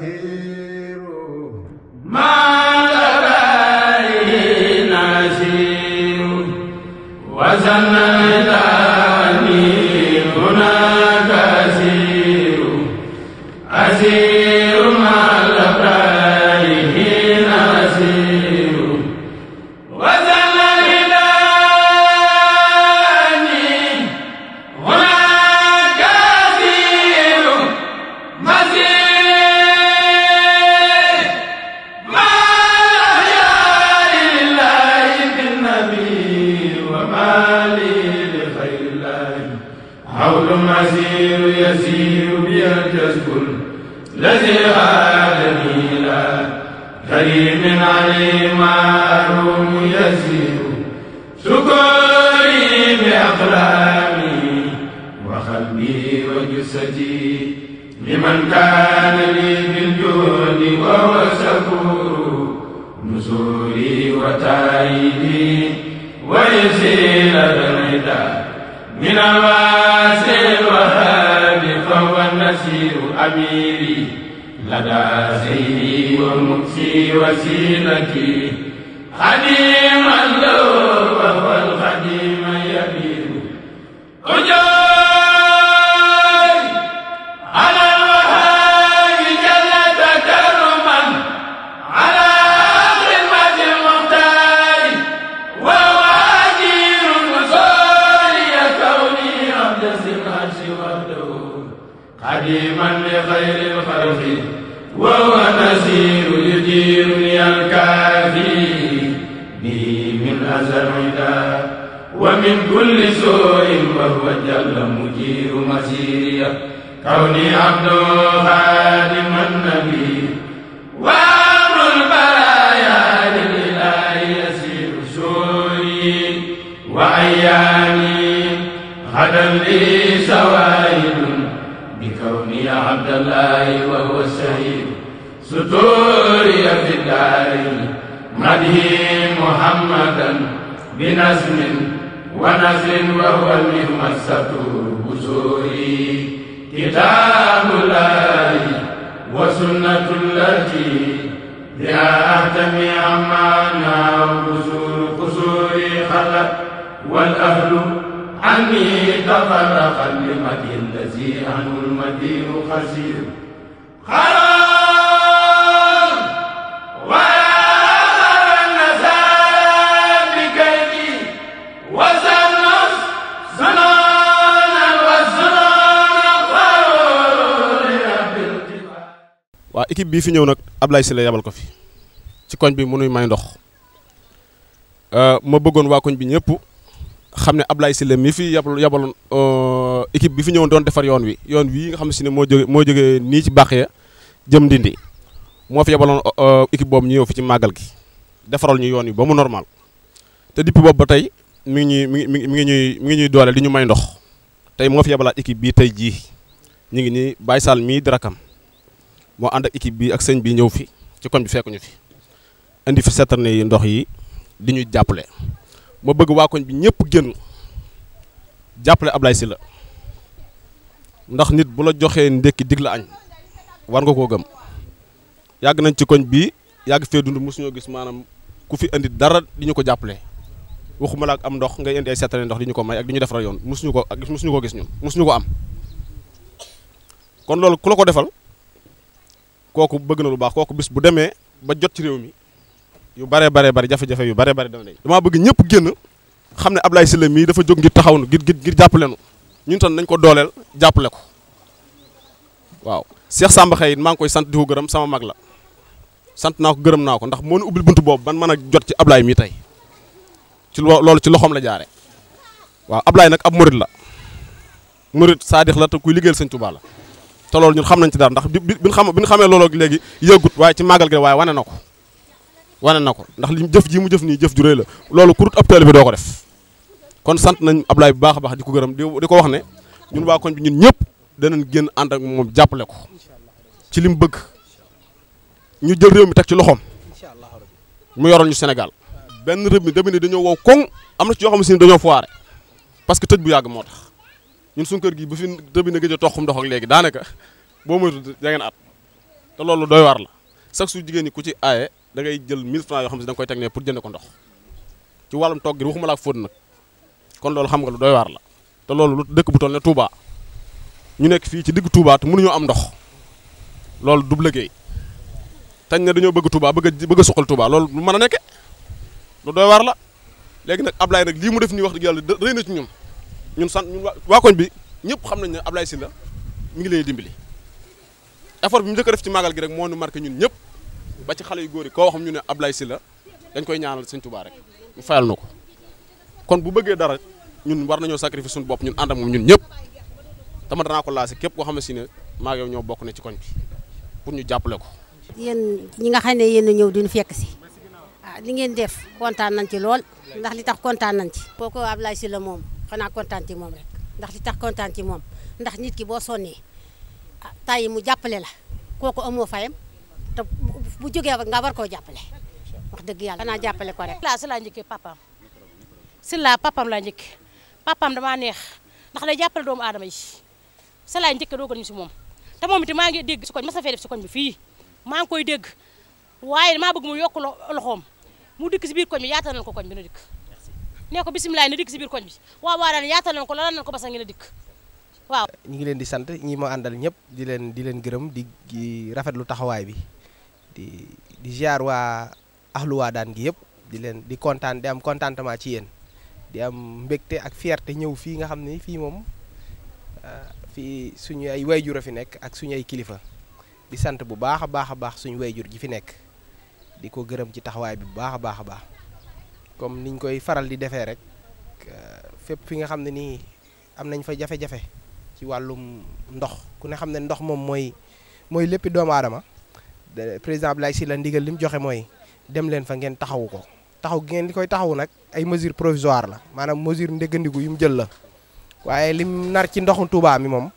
se حول مسير يسير بها الكسب الذي غادني لا كريم عليه معلوم يسير سكري بأقلامي وقلبي وجسدي لمن كان لي بالجود وهو سكور نزولي وتايدي ويسير الرداء من الله ونسير أميري لدى سيدي ومكسي وسيلتي خديما له وهو الخديم يبير أجل سعيدا ومن كل سوء وهو جل مجير مسيريا كوني عبد خادم النبي وامر البرايا للاله يسير سوري وايامي غدا لي شواهد بكوني عبد الله وهو الشهيد ستوري في الدارين مدهي محمدا بنزم ونزل وهو المهمسة بسوري كتاب الله وسنة التي بها أهتمي عمانا وقصور قصوري خلق والأهل عني تفرقا لمدي الذي عنه المدين خسير خلاص waaw équipe bii fi ñëw nag Ablaye Sylla yabal ko fi ci koñ bi mënuy may ndox euh, ma bëggoon waa koñ bi ñëpp xam ne ab Ablaye Sylla mi fi yabal yabaloon euh, équipe bi fi ñëw ñëwoon doon defar yoon wi yoon wii nga xam si ne moo jóge moo jógee nii ci baax ya jëm ndindi moo fi yabaloon euh, équipe boobu ñu yow fi ci màggal gi defaral ñu yoon wi ba mu normal te depuis boobu ba tey mi ngi ñuy mi ngi mi ngi ñuy mi ngi ñuy doole di ñu may ndox tey moo fi yabalaat équipe bii tey jii ñu ngi nii Baye Sall mii di moo ànd ak équipe bi ak sëñ bi ñëw fi ci koñ bi fekkuñu fi indi fi seetaan yi ndox yi di ñu jàppale ma bëgg waa koñ bi ñëpp génn jàppale Ablaye la ndax nit bu la joxee ndékki dig añ war nga koo gëm yàgg nañ ci koñ bi yàgg fee dund mosuñoo gis maanaam ku fi indi dara di ñu ko jàppale waxuma la ak am ndox ngay indi ay seetane ndox di ñu ko may ak di ñu defaral yoon mosuñu ko mosuñu ko gis ñun mosuñu ko am kon loolu ku la ko defal. kooku bëgg na lu baax kooku bis bu demee ba jot ci réew mi yu bare bare bare jafe-jafe yu bare bare dama ne damaa bëgg ñëpp génn xam ne Ablaye Sylla mii dafa jóg ngir taxaw nu ngir ngir jàppale nu ñun tan nañ ko dooleel jàppale ko waaw Cheikh Samba yi maa ngi koy sant di ko gërëm sama mag la sant naa ko gërëm naa ko ndax moo nu ubbil buntu boobu ban mën a jot ci Ablaye mii tey ci loolu ci loxoom la jaare waaw Ablaye nag ab murit la murit saadix la te kuy liggéeyal sëñ Tuubaa te loolu ñun xam nañ ci daal ndax bi bi xam bi ñu xamee loolu léegi yëgut waaye ci màggal gi waaye wane na ko wane na ko ndax li jëf ji mu jëf nii jëf ju rëy la loolu kurut ab bi doo ko def kon sant nañ Ablaye bu baax a baax di ko gërëm di ko wax ne ñun waa koñ bi ñun ñëpp danañ génn ànd ak moom jàppale ko ci li mu bëgg ñu jël réew mi teg ci loxoom mu yoroon ñu Sénégal benn réew mi demee ni dañoo wow koŋ am na ci yoo xam ne dañoo foire parce que tëj bu yàgg moo ñun suñu kër gi bu fi robinet gëj a toqum ndox ak léegi daanaka boo moytu da at te loolu doy waar la sax su jigéen ñi ku ci aaye da jël 1000 francs yoo xam ne da nga koy teg ne pour jënd ko ci wàllum togg gi waxuma la ak fóot nag kon loolu xam nga lu doy waar la te loolu dëkk bu toll ne Touba ñu nekk fii ci diggu Touba te ñoo am ndox loolu du liggéey tañ ne dañoo bëgg Touba bëgg a bëgg a suqal Touba loolu lu mën a nekke lu doy waar la léegi nag laay nag lii mu def nii wax dëgg yàlla rëy na ci ñun ñun sant ñun waa koñ bi ñëpp xam nañ ne Ablaye Sylla mi ngi leen dimbali effort bi mu njëkk def ci màggal gi rek moo ñu marqué ñun ñëpp ba ci xale yu góor yi koo xam ñu ne Ablaye Sylla dañ koy ñaanal Sëñ Tuubaa rek ñu fayal na ko kon bu bëggee dara ñun war nañoo sacrifice suñu bopp ñun ànd ak ñun ñëpp dama danaa ko képp koo xam ne si ne maa yow ñoo bokk ne ci koñ bi pour ñu jàppale ko. yéen ñi nga xam ne yéen a ñëw fekk si ah li ngeen def kontaan nañ ci lool ndax li tax kontaan nañ ci. kooku Ablaye Sylla moom. xanaa kontaan ci moom ndax di tax kontaan ci moom ndax nit ki boo sonnee tay mu jàppale la kooku amoo fayam te bu jógee nga war koo jàppale wax dëgg yàlla xanaa jàppale ko la si laa papam papaam si laa papaam laa njëkk papaam neex ndax day jàppale doomu aadama yi si laa njëkkee doogal si moom te moom ti maa ngi dégg si koñ ma sa fee def si koñ bi fii maa ngi koy dégg waaye damaa bëgg mu yokk loxoom mu dikk si biir koñ bi yaatal na ko koñ bi na dikk nee ko bisimilah na dikk si biir koñ bi waaw waa daan yaatal ko la nañ ko basa ngeen a dikk waaw ñu ngi leen di sant ñi ma àndal ñëpp di leen di leen gërëm di rafetlu taxawaay bi di di ziar waa ahlu waa daan gi yëpp di leen di kontaan di am contentement ci yéen di am mbégte ak fierté ñëw fii nga xam ne fii moom ah, fii suñu ay jur a fi nekk ak suñu ay kilifa di sant bu baax a baax a baax suñu wayjur ji fi nekk di ko gërëm ci taxawaay bi bu baax a baax a baax comme niñ koy faral di defee rek euh, fépp fi nga xam ne nii am nañ fa jafe-jafe ci wàllum ndox ku ne xam ne ndox moom mooy mooy léppi doomu aadama président Abdoulaye Sylla ndigal li mu joxe mooy dem leen fa ngeen taxawu ko taxaw ngeen di koy taxawu nag ay mesure provisoire la maanaam mesure ndéggandiku yu mu jël la waaye lim nar ci ndoxu tuubaa mi moom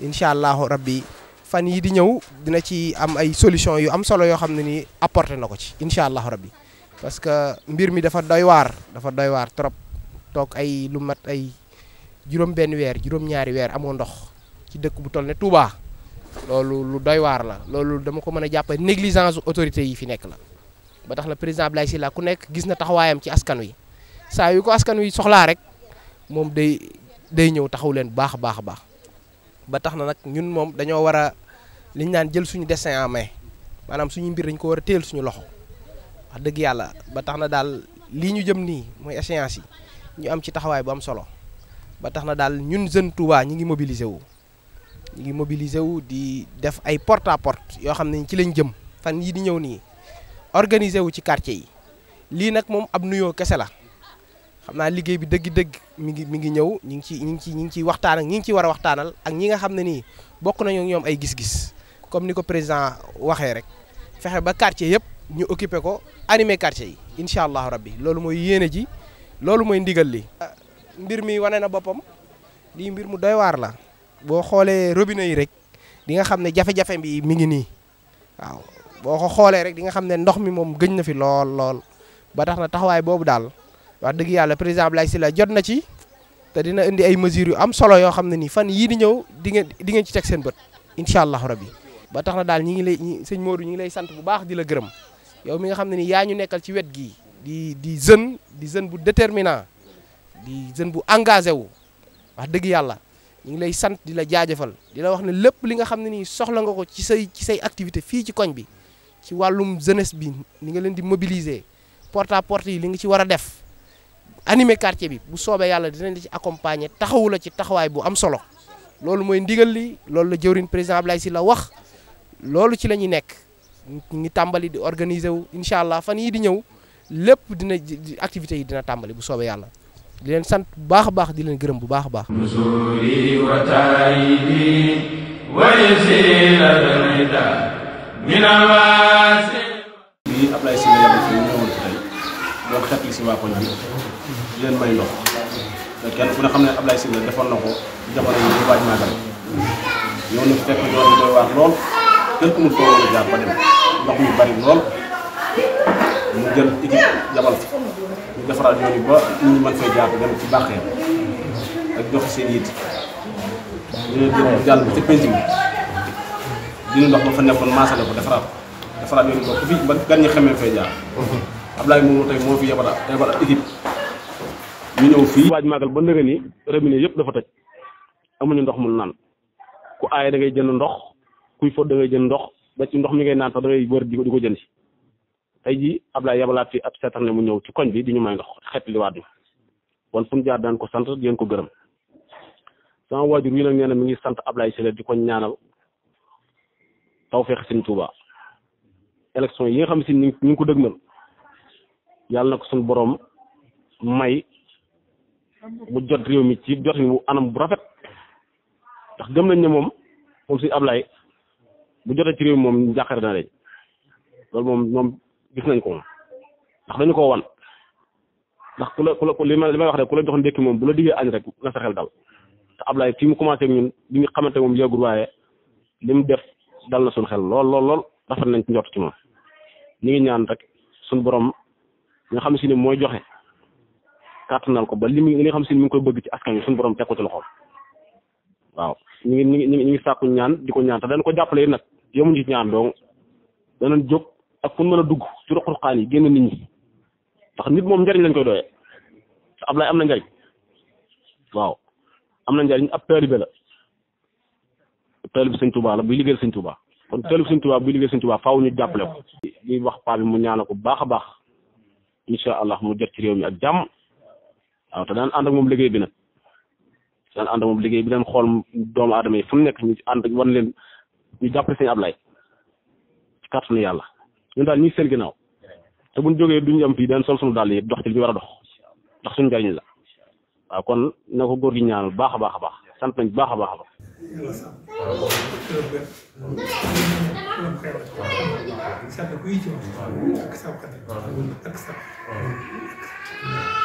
incha allahu rabbi fan yi di ñëw dina ci am ay solution yu am solo yoo xam ne nii apporté na ko ci incha allahu rabbi parce que mbir mi dafa doy waar dafa doy waar trop toog ay lu mat ay juróom benn weer juróom ñaari weer amoo ndox ci dëkk bu toll ne Touba loolu lu doy waar la loolu dama ko mën a jàpp néglisance autorité yi fi nekk la ba tax na président si laa ku nekk gis na taxawaayam ci askan wi saa yu ko askan wi soxlaa rek moom day day ñëw taxaw leen baax a baax a baax ba tax na nag ñun moom dañoo war a li ñu naan jël suñu destin en main maanaam suñu mbir dañ ko war a téel suñu loxo dëgg yàlla ba tax na daal lii ñu jëm nii mooy échéance yi ñu am ci taxawaay bu am solo ba tax na daal ñun jeune Touba ñi ngi mobiliser wu ñu ngi mobiliser wu di def ay porte à porte yoo xam ne ci lañ jëm fan yii di ñëw nii organiser wu ci quartier yi lii nag moom ab nuyoo kese la xam naa liggéey bi dëgg-dëgg mi ngi mi ngi ñëw ñu ngi ci ñu ngi ci ñu ngi ciy waxtaan ak ñi ngi ci war a waxtaanal ak ñi nga xam ne nii bokk nañu ñoom ay gis-gis comme ni ko président waxee rek fexe ba quartier yëpp ñu occupé ko animer quartier yi incha allahu rabbi loolu mooy yéene ji loolu mooy ndigal li. mbir mi wane na boppam lii mbir mu doy waar la boo xoolee robine yi rek di nga xam ne jafe-jafe bi mi ngi nii waaw boo ko xoolee rek di nga xam ne ndox mi moom gëj na fi lool lool ba tax na taxawaay boobu daal wax dëgg yàlla président si Sylla jot na ci te dina indi ay mesures yu am solo yoo xam ne nii fan yii di ñëw di ngeen di ci teg seen bët incha allahu rabbi ba tax na daal ñi ngi lay sëñ Modou ñi ngi lay sant bu baax di la gërëm. yow mi nga xam ne ni yaa ñu nekkal ci wet gii di di jeune di jeune bu déterminant di jeune bu engagé wu wax dëgg yàlla ñu ngi lay sant di la jaajëfal di la wax ne lépp li nga xam ne nii soxla nga ko ci say ci say activité fii ci koñ bi ci wàllum jeunesse bi ni nga leen di mobiliser porte à porte yi li nga ci war a def animer quartier bi bu soobee yàlla di dinañ la ci accompagner taxawu la ci taxawaay bu am solo loolu mooy ndigal li loolu la jëwriñ président Ablaye Sylla wax loolu ci la ñuy nekk ñu tàmbali di organiser wu incha allah fan yii di ñëw lépp dina activité yi dina tàmbali bu soobee yàlla di leen sant bu baax a baax di leen gërëm bu baax baax. lii Ablaye Sylla xet li si waa koñ leen may ndox kenn ku ne xam ne Ablaye Sylla defoon na ko jamono yi ñu waaj màggal ñëw na fekk doon doy waar lool. kenn ku mun foofu jaar ba dem ndox mi bari lool mu jël équipe defaraat yooyu ba nit ñi mën fay jaar dem ci bàqee ak joxe seen yitt dina jël jàll ci penc mi dina ndox ma fa nekkoon maasale ko defaraat yooyu ba ku fi ba gan ñi xamee fay jaar Ablaye moom tey moo fi yabal yabal équipe ñu ñëw fii waaj màggal ba ndëgën yi robinet dafa tëj amuñu ndox mu naan ku aaye da jënd ndox kuy fot da ngay ndox ba ci ndox mi ngay naan sax da ngay wër di ko di ko jënd tey jii Ablaye yabalaat fi ab seetar ne mu ñëw ci koñ bi di ñu may ndox xet li waat ñu kon fu mu jaar daan ko sant di ko gërëm sama waajur wi nag nee mi ngi sant Ablaye Sylla di ko ñaanal feex Sëñ Tuuba élection yi nga xam si ni ñu ko dëgmal yàlla na ko suñu boroom may mu jot réew mi ci jot bu anam bu rafet ndax gëm nañ ne moom moom si Ablaye bu jotee ci réew moom jàqare na rek loolu moom moom gis nañ ko moom ndax dañu ko wan ndax ku la ku la li ma li may wax rek ku la jox ndékki moom bu la diggee añ rek nga sa xel dal te Ablaye fi mu commencé ak ñun bi nga xamante moom yàggul waaye li mu def dal na suñu xel lool lool lool rafet nañ ci njort ci moom ñu ngi ñaan rek suñu borom nga xam si ne mooy joxe kàttanal ko ba li li nga xam si ne mi ngi koy bëgg ci askan wi suñu borom teg ko ci loxoom waaw ñu ngi ñu ngi ñaan di ko ñaan te ko jàppale nag. yemuñu ñu ñaan dong danañ jóg ak fu mën a dugg ci ruq-ruqaan yi génn nit ñi ndax nit moom njariñ lañ koy doyee te Ablaye am na njariñ waaw am na njariñ ab taalibe la taalibe Sëñ Tuubaa la buy liggéeyal Sëñ Tuubaa kon taalibe Sëñ Tuubaa buy liggéeyal Sëñ Tuubaa faaw ñu jàppale ko. li wax paa bi mu ñaana ko baax a baax incha allah mu jot ci réew mi ak jàmm waaw te daan ànd ak moom liggéey bi nag daan ànd ak moom liggéey bi daan xool doomu aadama yi fu mu nekk ñu ànd wan leen. ñu si sëñ Ablaye ci kàttanu yàlla ñun daal ñu ngi seen ginnaaw te bu ñu jógee du ñu am fii dañ sol suñu dàll yëpp dox ci li ñu war a dox ndax suñu njariñ la waaw kon na ko góor gi ñaanal baax a baax a baax sant nañ baax a baax a baax.